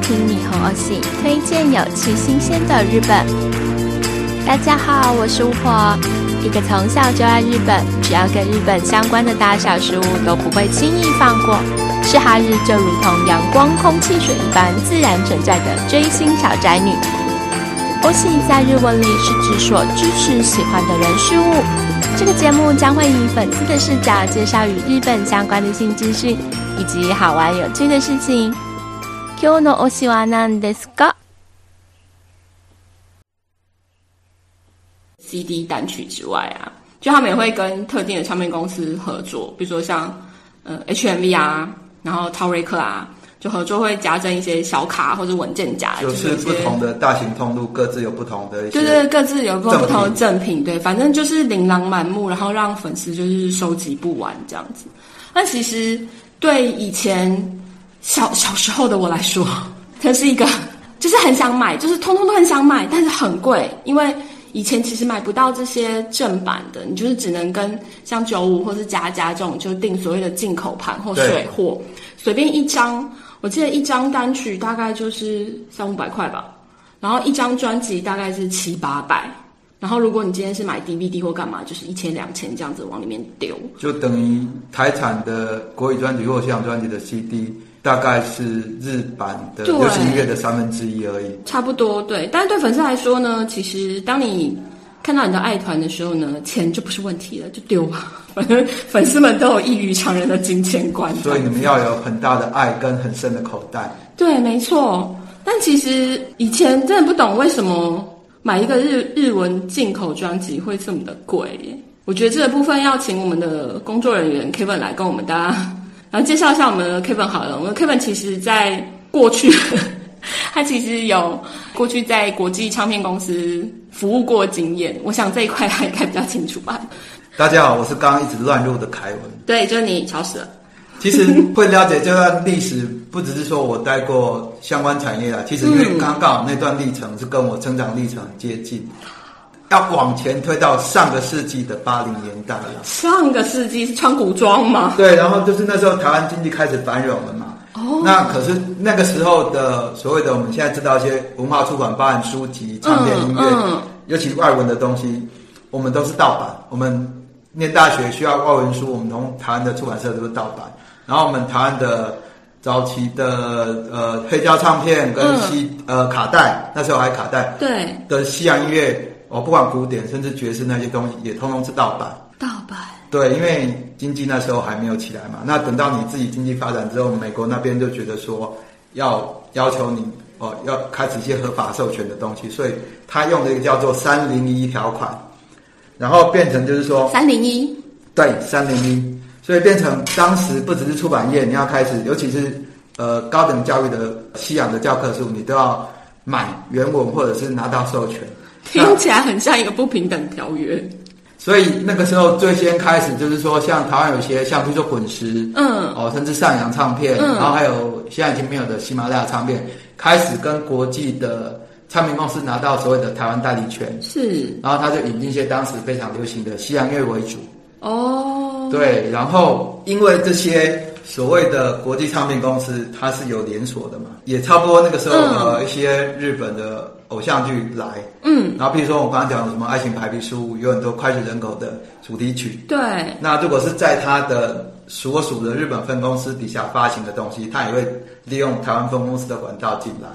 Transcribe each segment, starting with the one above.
聽 Nihon OC 推薦有趣新鮮的日本。大家好，我是巫婆，一個從小就愛日本，只要跟日本相關的大小事物都不會輕易放過。是哈日就如同陽光、空氣、水一般自然存在的追星小宅女。OC 在日文裡是指所支持、喜歡的人事物。這個節目將會以粉絲的視角介紹與日本相關的新資訊以及好玩有趣的事情。今日の推しは何ですか？CD 單曲之外啊，就他們也會跟特定的唱片公司合作，比如說像、呃、HMV 啊，然後 Tower Records 啊，就合作會加贈一些小卡或者文件夾，就是不同的大型通路各自有不同的就是各自有不同，不同的贈品，對，反正就是琳琅滿目，然後讓粉絲就是收集不完這樣子。那其實對以前。小小時候的我來說，它是一個就是很想買，就是通通都很想買，但是很貴，因為以前其實買不到這些正版的，你就是只能跟像九五或是佳佳這種就訂所謂的進口盤或水貨，隨便一張，我記得一張單曲大概就是三五百塊吧，然後一張專輯大概是七八百。然後，如果你今天是買 DVD 或幹嘛，就是一千兩千這樣子往裡面丟，就等於台產的國語專輯或日語專輯的 CD，大概是日版的流行音樂的三分之一而已。差不多，對。但是對粉絲來說呢，其實當你看到你的愛团的時候呢，錢就不是問題了，就丟吧。反 正粉絲們都有異於常人的金錢觀，所以你們要有很大的愛跟很深的口袋。對，沒錯。但其實以前真的不懂為什麼。買一個日日文進口專輯會這麼的貴耶？我覺得這個部分要請我們的工作人員 Kevin 來跟我們搭，然後介紹一下我們的 Kevin 好了。我們的 Kevin 其實在過去呵呵，他其實有過去在國際唱片公司服務過的經驗，我想這一塊他應該比較清楚吧。大家好，我是剛剛一直亂入的凱文。對，就是你吵死了。 其實會了解這段歷史，不只是說我待過相關產業啊。其實因為剛剛，剛好那段歷程是跟我成長歷程接近，要往前推到上個世紀的八零年代了。上個世紀是穿古裝嘛，對，然後就是那時候台灣經濟開始繁榮了嘛。哦。那可是那個時候的所謂的我們現在知道一些文化出版包含書籍、唱片、音樂，嗯嗯、尤其是外文的東西，我們都是盜版。我們念大學需要外文書，我們從台灣的出版社都是盜版。然後我們台灣的早期的呃黑膠唱片跟西、嗯、呃卡帶，那時候還卡帶，對的西洋音樂，我、哦、不管古典甚至爵士那些東西，也通通是盜版。盜版。對，因為經濟那時候還沒有起來嘛，那等到你自己經濟發展之後，美國那邊就覺得說要要求你哦、呃、要開始一些合法授權的東西，所以他用了一個叫做三零一條款，然後變成就是說三零一對三零一。所以變成當時不只是出版業，你要開始，尤其是呃高等教育的西洋的教科書，你都要買原文或者是拿到授權。聽起來，聽起來很像一個不平等條約。所以那個時候最先開始就是說，像台灣有些像，比如說滾石，嗯，哦，甚至上揚唱片，嗯、然後還有現在已經沒有的喜馬拉雅唱片，開始跟國際的唱片公司拿到所謂的台灣代理權。是。然後他就引進一些當時非常流行的西洋樂為主。哦。對，然後因為這些所謂的國際唱片公司，它是有連鎖的嘛，也差不多那個時候呃、嗯，一些日本的偶像劇來，嗯，然後比如說我們剛剛講的什麼愛情白皮書，有很多膾炙人口的主題曲，對，那如果是在它的所屬的日本分公司底下發行的東西，它也會利用台灣分公司的管道進來。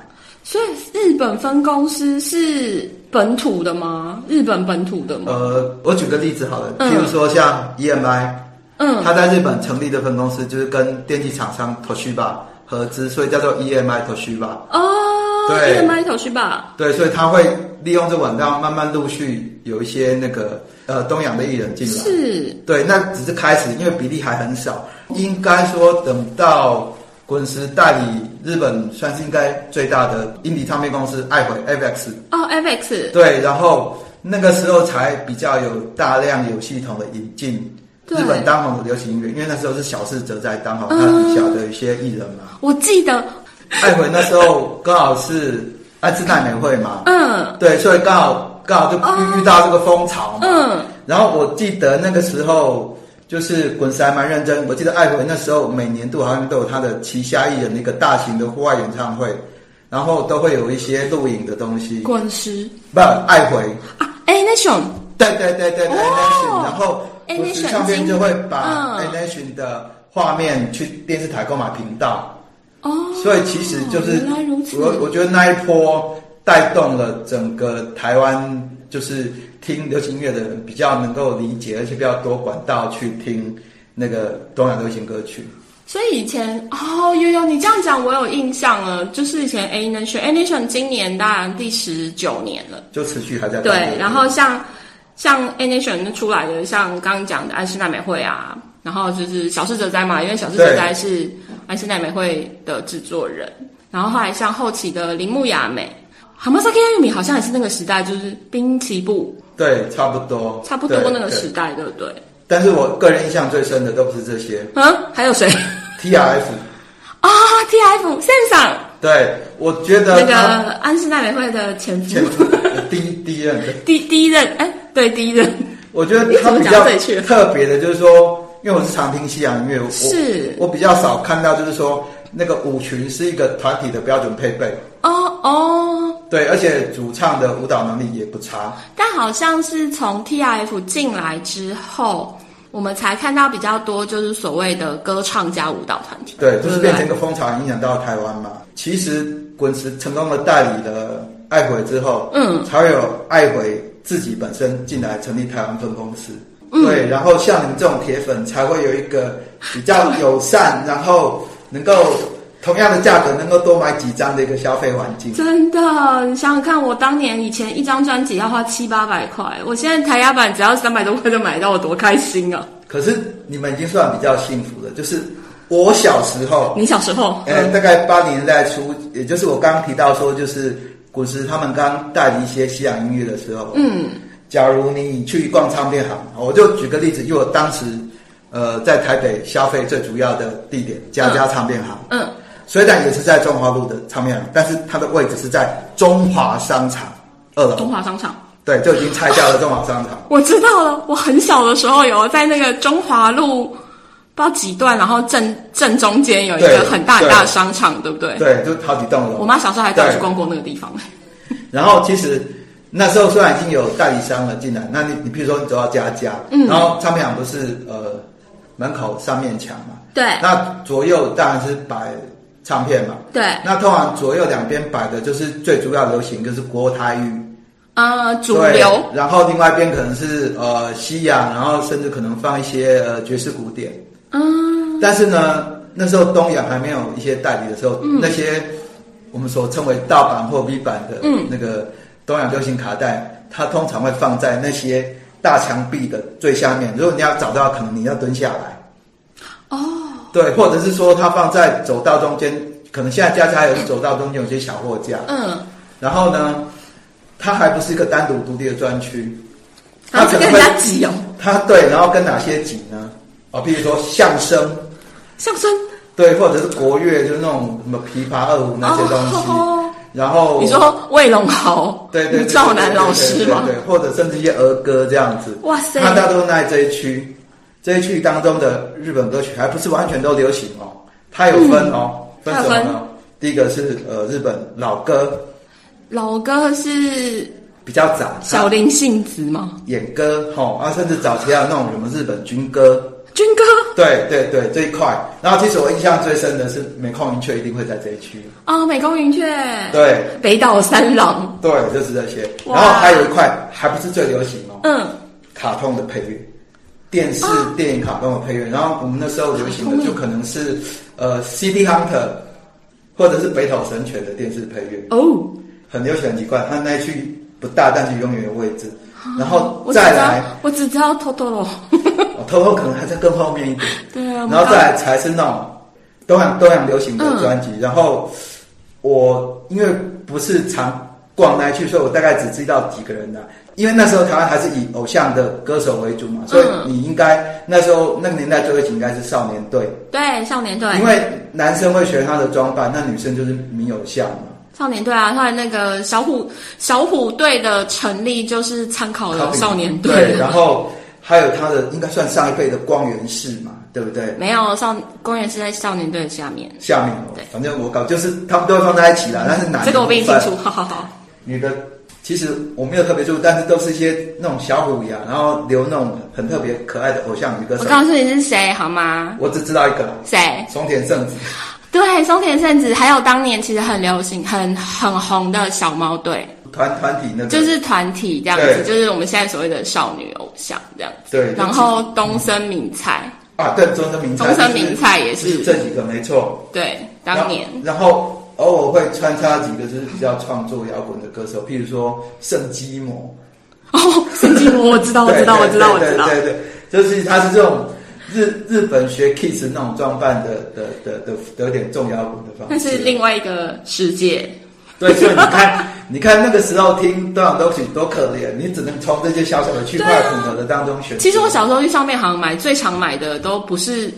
所以日本分公司是本土的嗎？日本本土的嗎？呃，我舉個例子好了，譬、嗯、如說像 EMI，嗯，他在日本成立的分公司就是跟電器廠商東芝合資，所以叫做 EMI 東芝。哦，EMI 東芝。對，所以他會利用這管道，慢慢陸續有一些那個呃東洋的藝人進來。是。對，那只是開始，因為比例還很少，應該說，等到滾石代理。日本算是應該最大的 indie 唱片公司，愛回 Avex 哦、oh,，Avex 對，然後那個時候才比較有大量有系統的引進日本當紅的流行音樂，因為那時候是小室哲哉當紅、嗯、他底下的一些藝人嘛。我記得，愛回那時候剛好是安室、 啊、奈美惠嘛。嗯。對，所以剛好剛好就遇到這個風潮嗯。然後我記得那個時候。就是滾石還蠻認真，我記得艾回那時候每年度好像都有他的旗下藝人那個大型的戶外演唱會，然後都會有一些錄影的東西。滾石不，艾回啊，Anation。對對對對對、oh, A-Nation 然後滾石唱片就會把 Anation 的畫面去電視台購買頻道。哦、oh,，所以其實就是、oh, 原來如此我我覺得那一波。帶動了整個台灣，就是聽流行音樂的人比較能夠理解，而且比較多管道去聽那個東亞流行歌曲。所以以前哦，悠悠你這樣講，我有印象了。就是以前 A Nation，A Nation 今年當然第十九年了，就持續還在。對，然後像像 A Nation 出來的，像剛剛講的安室奈美惠啊，然後就是小室哲哉嘛，因為小室哲哉是安室奈美惠的制作人，然後後來像後期的鈴木雅美。Hamasaki Ayumi 好像也是那個時代，就是濱崎步。對，差不多。差不多那個時代對對，對不對？但是我個人印象最深的都不是這些。嗯、啊，還有誰？TRF。啊，TRF 現場。對，我覺得那個安室奈美惠的前夫。第第一任。第第一任？哎，對，第一任。我覺得他比較特別的，就是說，因為我是常聽西洋音樂，是我,我比較少看到，就是說，那個舞群是一個團體的標準配備。哦哦，對，而且主唱的舞蹈能力也不差。但好像是從 TRF 進來之後，我們才看到比較多，就是所謂的歌唱加舞蹈團體。對，對，對，就是變成一個風潮，影響到台灣嘛。其實滾石成功的代理了愛回之後，嗯，才會有愛回自己本身進來成立台灣分公司。嗯。對，然後像你這種鐵粉，才會有一個比較友善， 然後能夠。同樣的價格能夠多買幾張的一個消費環境，真的，你想想看，我當年以前一張專輯要花七八百塊，我現在台壓版只要三百多塊就買到，我多開心啊！可是你們已經算比較幸福了。就是我小時候，你小時候，N, 嗯、大概八零年代初，也就是我剛剛提到說，就是古時他們剛帶一些西洋音樂的時候，嗯，假如你去逛唱片行，我就舉個例子，因為我當時呃在台北消費最主要的地點，家家唱片行，嗯。嗯雖然也是在中華路的唱片行，但是它的位置是在中華商場二樓。中華商場對，就已經拆掉了中華商場。 我知道了，我很小的時候有在那個中華路，不知道幾段，然後正正中間有一個很大很大的商場，對,對不對？對，就好幾棟樓。我媽小時候還帶我去逛過那個地方 然後其實那時候雖然已經有代理商了進來，那你你比如說你走到家家，嗯、然後唱片行不是呃門口三面牆嘛？對，那左右當然是擺。唱片嘛，對，那通常左右兩邊擺的就是最主要流行，就是國台語，啊、呃，主流。然後另外一邊可能是呃西洋，然後甚至可能放一些呃爵士古典。啊、呃、但是呢，那時候東洋還沒有一些代理的時候，嗯、那些我們所稱為盜版貨幣版的那個東洋流行卡帶、嗯，它通常會放在那些大牆壁的最下面。如果你要找到，可能你要蹲下來。對，或者是說它放在走道中間，可能現在家家有走道中間有些小貨架。嗯，然後呢，它還不是一個單獨獨立的專區，它可能跟家擠哦？它對，然後跟哪些擠呢？啊、哦，比如說相聲，相聲對，或者是國樂，就是那種什麼琵琶、二胡那些東西。哦、然後你說魏龍豪，對對趙楠老師嘛？對，或者甚至一些兒歌這樣子，哇塞，他大多都在這一區。這一區當中的日本歌曲，還不是完全都流行哦。它有分哦，嗯、分什麼呢？第一個是呃日本老歌，老歌是比較早，小林幸子嘛，演歌然、哦、啊甚至早期的那種什麼日本軍歌，軍 歌對。對對對，這一塊。然後其實我印象最深的是美空雲雀，一定會在這一區。啊、哦，美空雲雀。對。北島三郎。對，就是這些。然後還有一塊，還不是最流行哦。嗯。卡通的配樂。電視、啊、電影卡通的配樂，然後我們那時候流行的就可能是，呃，《City Hunter》或者是《北斗神拳》的電視配樂哦，很流行很奇怪。它那一區不大，但是永遠有位置。然後再來，我只知道 Toto 囉 Toto 可能還在更後面一點。 對啊。然後再來才是那種東洋東洋流行的專輯、嗯。然後我因為不是常逛那一區所以我大概只知道幾個人的。因為那時候台灣還是以偶像的歌手為主嘛，所以你應該、嗯、那時候那個年代追的應該是少年隊。對，少年隊。因為男生會學他的裝扮，嗯、那女生就是迷偶像嘛。少年隊啊，他的那個小虎小虎隊的成立就是參考了少年隊，對，然後還有他的應該算上一輩的光源氏嘛，對不對？嗯、沒有，少光源氏在少年隊的下面。下面、哦、反正我搞就是他們都會放在一起啦，那、嗯、是男的。這個我不清楚，好好好。女的。其實我沒有特別多，但是都是一些那種小虎牙，然後留那種很特別可愛的偶像女歌手。我告訴你是誰好嗎？我只知道一個。誰？松田聖子。對，松田聖子，還有當年其實很流行、很很紅的小貓隊團團體那個，就是團體這樣子，就是我們現在所謂的少女偶像這樣子。對。然後東森明菜、嗯。啊，對，中森明菜，中森明菜也是這幾個沒錯。對，當年。然後。偶、哦、爾會穿插幾個就是比較創作搖滾的歌手，譬如說聖飢魔 II。哦，聖飢魔 II，我知道，我知道，我知道，我知道。對對對，就是他是這種日日本學 Kiss 那種裝扮的的的的有點重搖滾的方。那是另外一個世界。對，所以你看， 你看那個時候聽多少東西多可憐，你只能從這些小小的曲牌組合的當中選。其實我小時候去上面好像買最常買的都不是，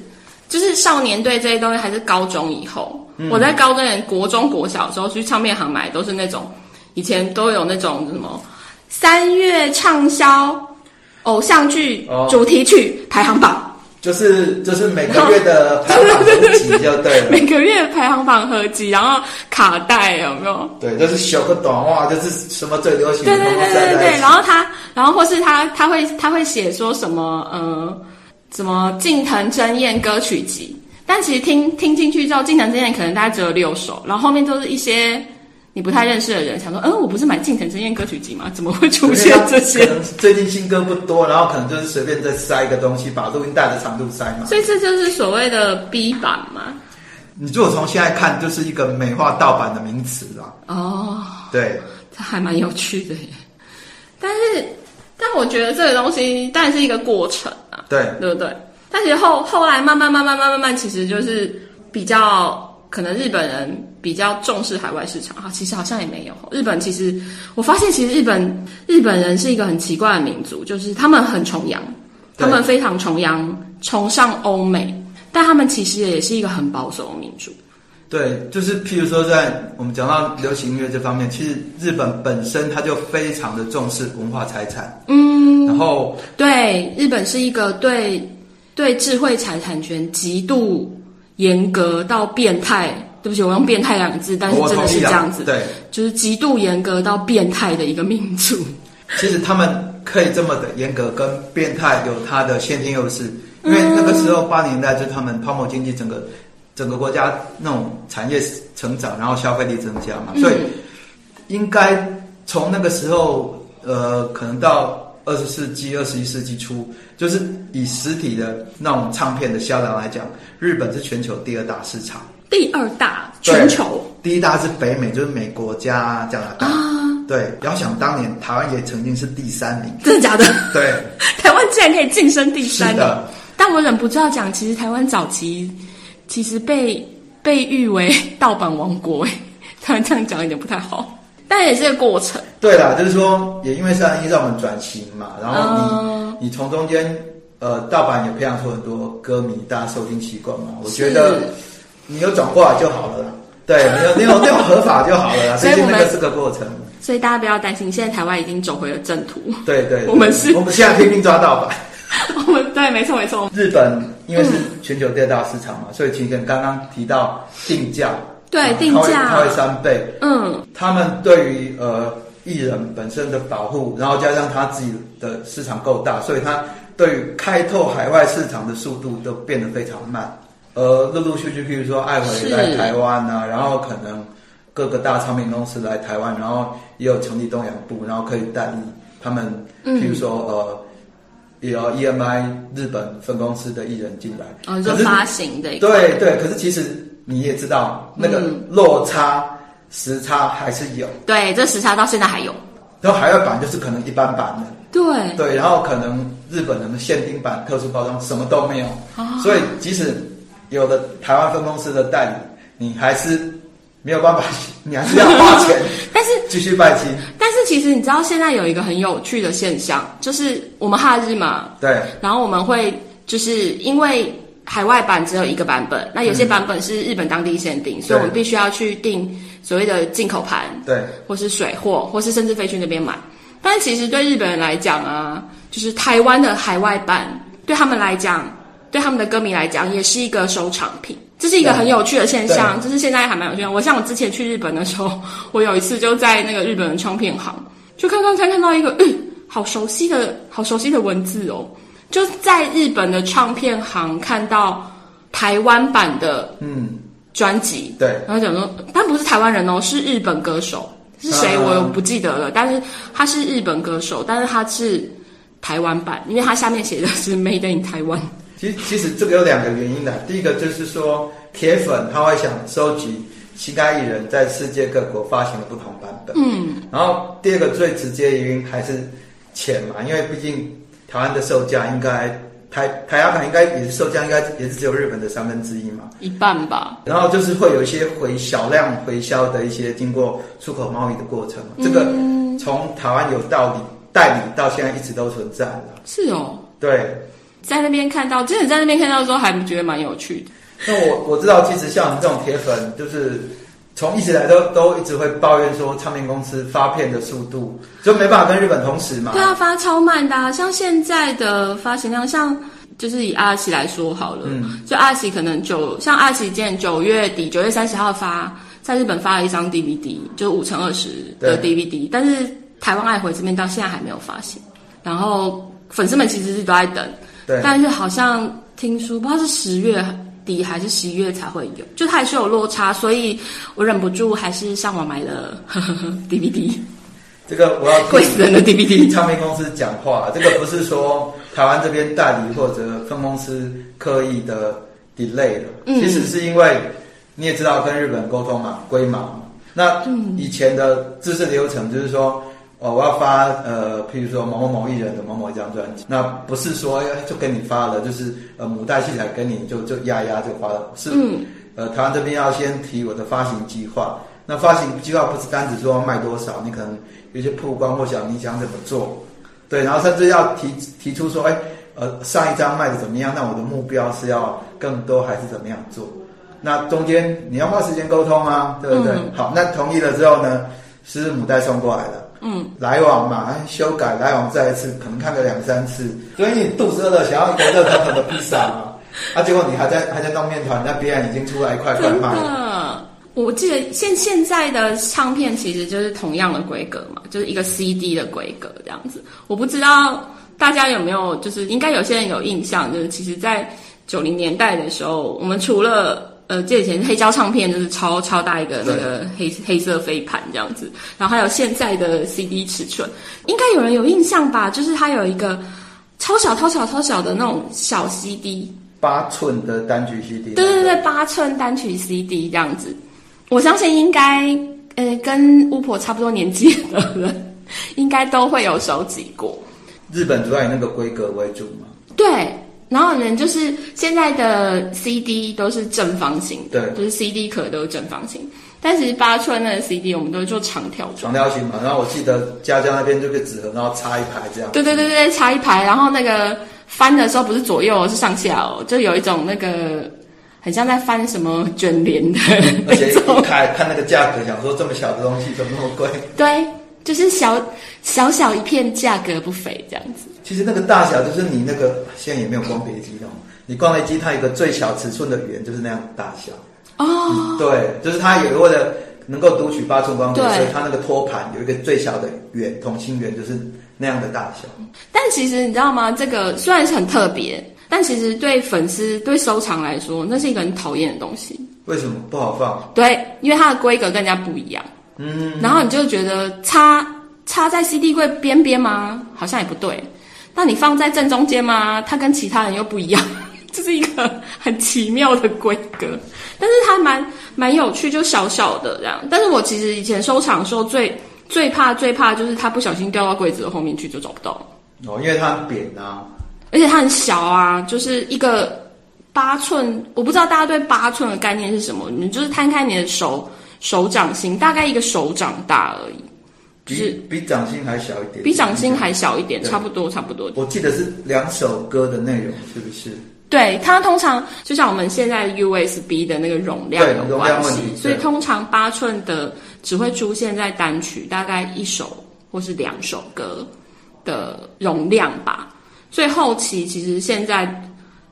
就是少年隊這些東西，還是高中以後。嗯、我在高跟國中、國小的時候去唱片行買，都是那種以前都有那種什麼三月暢銷偶像劇主題曲、哦、排行榜，就是就是每個月的排行榜合集，就對了， 每個月排行榜合集，然後卡帶有沒有？對，就是小個短話，就是什麼最流行。對對對對對，然後他，然後或是他他會他會寫說什麼嗯、呃、什麼近藤真彥歌曲集。但其實聽聽進去之後，近藤真彥可能大家只有六首，然後後面都是一些你不太認識的人。嗯、想說，嗯，我不是買近藤真彥歌曲集嗎？怎麼會出現這些？啊、最近新歌不多，然後可能就是隨便再塞一個東西，把錄音帶的長度塞滿。所以這就是所謂的 B 版嘛。你如果從現在看，就是一個美化盜版的名詞啦、啊。哦，對，它還蠻有趣的耶、嗯。但是，但我覺得這個東西當然是一個過程啊。對，對不對？但是後後來慢慢慢慢慢慢慢，其實就是比較可能日本人比較重視海外市場哈、啊。其實好像也沒有。日本其實我發現，其實日本日本人是一個很奇怪的民族，就是他們很崇洋，他們非常崇洋，崇尚歐美，但他們其實也是一個很保守的民族。對，就是譬如說，在我們講到流行音樂這方面，其實日本本身它就非常的重視文化財產。嗯，然後對，日本是一個對。對智慧財產、產權極度嚴格到變態，對不起，我用變態兩個字，但是真的是這樣子，啊，對，就是極度嚴格到變態的一個民族。其實他們可以這麼的嚴格跟變態，有他的先天優勢，嗯，因為那個時候八零年代就是他們泡沫經濟，整個整個國家那種產業成長，然後消費力增加嘛，嗯，所以應該從那個時候，呃，可能到。二十世紀、二十一世紀初，就是以實體的那種唱片的銷量來講，日本是全球第二大市場。第二大，全球第一大是北美，就是美國加加拿大。拿大啊、對，遙想當年台灣也曾經是第三名，真、啊、的假的？對，台灣竟然可以晉升第三名。的但我忍不住要講，其實台灣早期其實被被譽為盜版王國，哎，台灣這樣講有點不太好。但也是個過程，對啦，就是說，也因為是十一讓我們轉型嘛，然後你、嗯、你從中間呃盜版也培養出很多歌迷，大家收聽習慣嘛，我覺得你有轉過來就好了啦，對，你有你有合法就好了啦， 這所以那個是個過程。所以大家不要擔心，現在台灣已經走回了正途。對對，對我們是，我們現在拼命抓盜版。我 們對，沒錯沒錯。日本因為是全球第二大市場嘛， 所以其實剛剛提到定價。 對，定價差快，啊、三倍。嗯，他們對於呃藝人本身的保護，然後加上他自己的市場夠大，所以他對於開拓海外市場的速度都變得非常慢。呃，陸陸續續，譬如說愛回來台灣吶，啊，然後可能各個大唱片公司來台灣，然後也有成立東洋部，然後可以代理他們，嗯，譬如說呃，也有 EMI 日本分公司的藝人進來。哦，是發行的，一的。對對，可是其實。你也知道那個落差時差還是有，嗯，對，這時差到現在還有。然後海外版就是可能一般版的，對對，然後可能日本人的限定版、特殊包裝什麼都沒有，啊，所以即使有的台灣分公司的代理，你還是沒有辦法，你還是要花錢， 但是繼續拜金。但是其實你知道現在有一個很有趣的現象，就是我們哈日嘛，對，然後我們會就是因為。海外版只有一個版本，那有些版本是日本當地限定，嗯、所以我們必須要去訂所謂的進口盤，對，或是水貨，或是甚至飛去那邊買。但其實對日本人來講啊，就是台灣的海外版對他們來講，對他們的歌迷來講，也是一個收藏品。這是一個很有趣的現象，就是現在還蠻有趣的。我像我之前去日本的時候，我有一次就在那個日本的唱片行，就看剛，剛才看到一個、呃、好熟悉的好熟悉的文字哦。就在日本的唱片行看到台灣版的嗯、專輯，對，然後講說他不是台灣人哦，是日本歌手是誰、啊、我、我不記得了，但是他是日本歌手，但是他是台灣版，因為他下面寫的是 Made in Taiwan。其實其實這個有兩個原因的，啊，第一個就是說鐵粉他會想收集其他藝人在世界各國發行的不同版本，嗯，然後第二個最直接原因還是錢嘛，因為畢竟。台灣的售價應該台台壓盤，應該也是售價應該也是只有日本的三分之一嘛，一半吧。然後就是會有一些回小量回銷的一些經過出口貿易的過程，這個從台灣有道理、嗯、代理到現在一直都存在。是哦，對，在那邊看到，真的在那邊看到的時候還覺得蠻有趣的。那我我知道，其實像我們這種鐵粉就是。從一直來都都一直會抱怨說，唱片公司發片的速度就沒辦法跟日本同時嘛。對啊，發超慢的，啊，像現在的發行量，像就是以阿奇來說好了，嗯、就阿奇可能九像阿奇見九月底九月三十號發在日本發了一張 DVD，就五乘二十的 DVD，但是台灣愛回這邊到現在還沒有發行。然後粉絲們其實是都在等，對。但是好像聽說，不知道是十月嗯底還是十一月才會有，就它還是有落差，所以我忍不住還是上網買了呵呵 DVD，這個我要貴死人的 DVD，唱片公司講話，這個不是說台灣這邊代理或者分公司刻意的 delay 了，其、嗯、實是因為你也知道跟日本溝通嘛、啊，龜毛嘛，那以前的製作流程就是說。哦，我要發呃，譬如說某某某藝人的某某一張專輯，那不是說、欸、就跟你發了，就是呃母帶器材跟你就就壓壓就發了，是呃台灣這邊要先提我的發行計劃，那發行計劃不是單只說賣多少，你可能有些曝光或想你想怎麼做，對，然後甚至要提提出說哎、欸、呃上一張賣的怎麼樣，那我的目標是要更多還是怎麼樣做，那中間你要花時間溝通啊，對不對，對、嗯？好，那同意了之後呢，是母帶送過來的。嗯，來往嘛，修改來往，再一次，可能看個兩三次。所以你肚子餓了，想要一個熱騰騰的披薩嘛？ 啊，結果你還在還在弄麵糰，那邊已經出來一塊塊賣了。真的。我記得現現在的唱片其實就是同樣的規格嘛，就是一個 CD 的規格這樣子。我不知道大家有沒有，就是應該有些人有印象，就是其實，在九零年代的時候，我們除了呃，借以前黑膠唱片就是超超大一個那個黑黑色飛盤這樣子，然後還有現在的 CD 尺寸，應該有人有印象吧？就是它有一個超小超小超小的那種小 CD，八寸的單曲 CD，那個。對對對，八寸單曲 CD 這樣子，我相信應該，呃跟巫婆差不多年紀的人，應該都會有收集過。日本主要以那個規格為主嗎？對。然後呢，就是現在的 CD 都是正方形，對，就是 CD 殼都是正方形。但其實八吋的 CD 我們都做長條，長條形嘛。然後我記得佳佳那邊就用紙盒，然後插一排這樣子。對對對對，插一排，然後那個翻的時候不是左右，是上下哦，就有一種那個很像在翻什麼捲簾的。而且一開，看那個價格，想說這麼小的東西怎麼那麼貴？對，就是小小小一片，價格不菲這樣子。其實那個大小就是，你那個現在也沒有光碟機的，你光碟機它一個最小尺寸的圓就是那樣的大小哦、oh. 嗯，對，就是它也為了能夠讀取八寸光碟，所以它那個托盤有一個最小的圓、同心圓，就是那樣的大小。但其實你知道嗎？這個雖然是很特別，但其實對粉絲、對收藏來說，那是一個很討厭的東西。為什麼？不好放。對，因為它的規格更加不一樣。嗯，然後你就覺得，插插在 CD 櫃邊邊嗎？好像也不對。那你放在正中間嗎？他跟其他人又不一樣，這 是一個很奇妙的規格。但是它蠻蠻有趣，就小小的這樣。但是我其實以前收藏的時候最，最最怕最怕就是它不小心掉到櫃子的後面去，就找不到了。哦，因為它扁啊，而且它很小啊，就是一個八寸。我不知道大家對八寸的概念是什麼，你就是攤開你的手手掌心，大概一個手掌大而已。是比，比掌心還小一點，比掌心還小一點，差不多差不多。我記得是兩首歌的內容，是不是？對，它通常就像我們現在 U S B 的那個容量有關係，對，容量問題，所以通常八寸的只會出現在單曲，嗯、大概一首或是兩首歌的容量吧。所以後期其實現在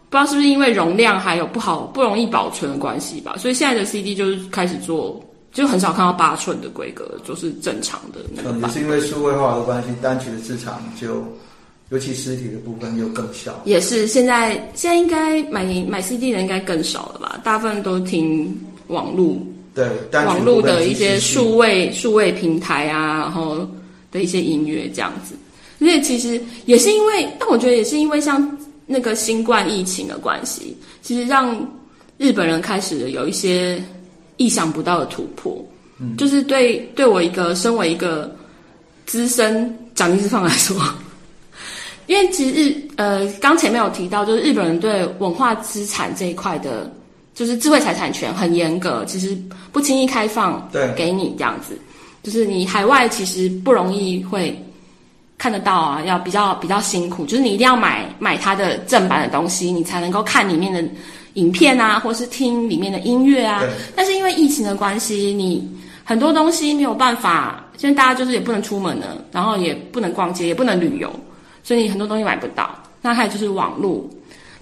不知道是不是因為容量還有不好不容易保存的關係吧，所以現在的 C D 就是開始做。就很少看到八寸的規格，就是正常的。嗯，也是因為數位化的關係，單曲的市場就尤其實體的部分又更小。也是現在，現在應該買買 CD 的應該更少了吧？大部分都聽網絡，對單曲網絡的一些數位數位平台啊，然後的一些音樂這樣子。所以其實也是因為，但我覺得也是因為像那個新冠疫情的關係，其實讓日本人開始有一些。意想不到的突破，嗯，就是對對我一個身為一個資深講義史放來說，因為其實日呃，剛前面有提到，就是日本人對文化資產這一塊的，就是智慧財產權很嚴格，其實不輕易開放，對，給你這樣子，就是你海外其實不容易會看得到啊，要比較比較辛苦，就是你一定要買買它的正版的東西，你才能夠看裡面的。影片啊，或是聽裡面的音樂啊，但是因為疫情的關係，你很多東西沒有辦法。現在大家就是也不能出門了，然後也不能逛街，也不能旅遊，所以你很多東西買不到。那還有就是網絡，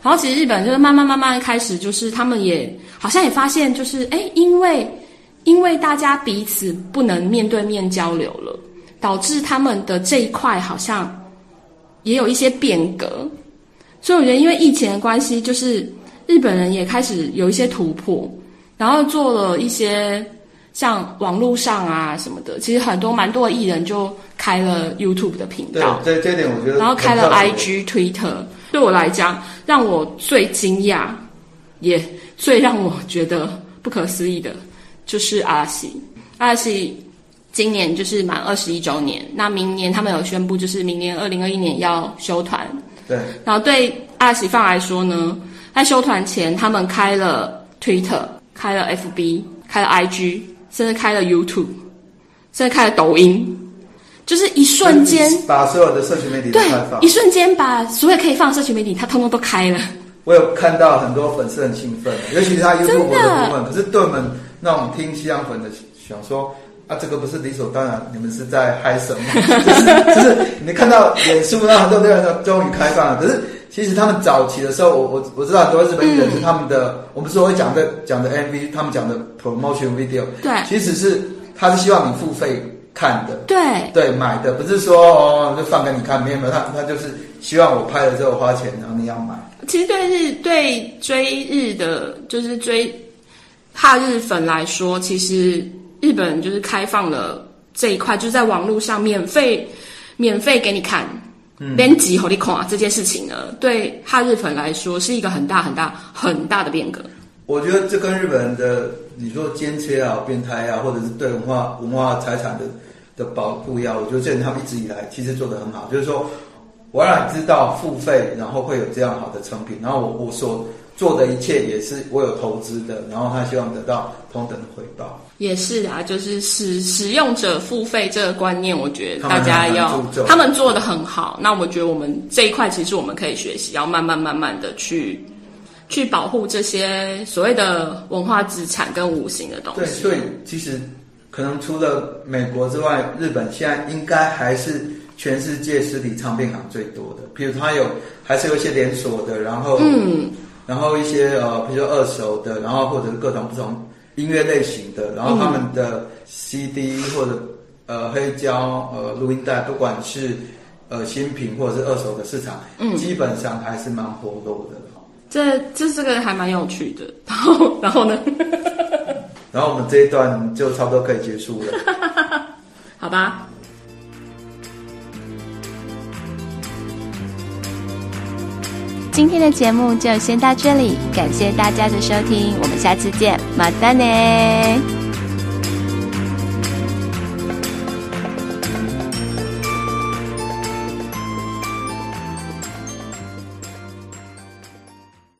然後其實日本就是慢慢慢慢開始，就是他們也好像也發現，就是哎，因為因為大家彼此不能面對面交流了，導致他們的這一塊好像也有一些變革。所以我覺得，因為疫情的關係，就是。日本人也開始有一些突破，然後做了一些像網絡上啊什麼的，其實很多蠻多的藝人就開了 YouTube 的頻道，對對對，這一點我覺得。然後開了 IG、Twitter。對我來講，讓我最驚訝，也最讓我覺得不可思議的，就是阿拉西。阿拉西今年就是滿二十一周年，那明年他們有宣布，就是明年二零二一年要休團。對。然後對阿拉西 fan 來說呢，在休團前，他們開了推特，開了 FB，開了 IG，甚至開了 YouTube，甚至開了抖音，就是一瞬間把所有的社群媒體都開放。一瞬間把所有可以放的社群媒體，他通通都開了。我有看到很多粉絲很興奮，尤其是他 YouTube 我的部分的。可是對我們那種聽西洋粉的想說啊，這個不是理所當然，你們是在嗨什麼？ 就是、就是你看到演出讓很多觀眾終於開放了，可是。其實他們早期的時候，我我我知道都是日本的人，他們的、嗯、我們說會講的講的 MV，他們講的 promotion video，對，其實是他是希望你付費看的，嗯、對對買的，不是說哦就放給你看，沒有沒有，他他就是希望我拍了之後花錢，然後你要買。其實對日對追日的就是追怕日粉來說，其實日本就是開放了這一塊，就是、在網路上免費免費給你看。嗯、編輯合理啊這件事情呢，對哈日粉來說是一個很大很大很大的變革。我覺得這跟日本的，你說監切啊、變態啊，或者是對文化文化財產的的保護呀、啊，我覺得這人他們一直以來其實做得很好。就是說我讓你知道付費，然後會有這樣好的成品，然後我我說。做的一切也是我有投資的，然後他希望得到同等的回報。也是啊，就是使使用者付費這個觀念，我覺得大家要他們，很很他們做得很好。那我覺得我們這一塊其實我們可以學習，要慢慢慢慢的去去保護這些所謂的文化資產跟無形的東西。對，所以其實可能除了美國之外，日本現在應該還是全世界實體唱片行最多的。比如它有還是有一些連鎖的，然後嗯。然後一些呃、比如說二手的，然後或者是各種不同音樂類型的，然後他們的 CD 或者、嗯啊、呃黑膠呃錄音帶，不管是呃新品或者是二手的市場，嗯，基本上還是蠻活絡的。這這是個還蠻有趣的。然後然後呢？然後我們這一段就差不多可以結束了， 好吧？今天的節目就先到這裡，感謝大家的收聽，我們下次見，またね。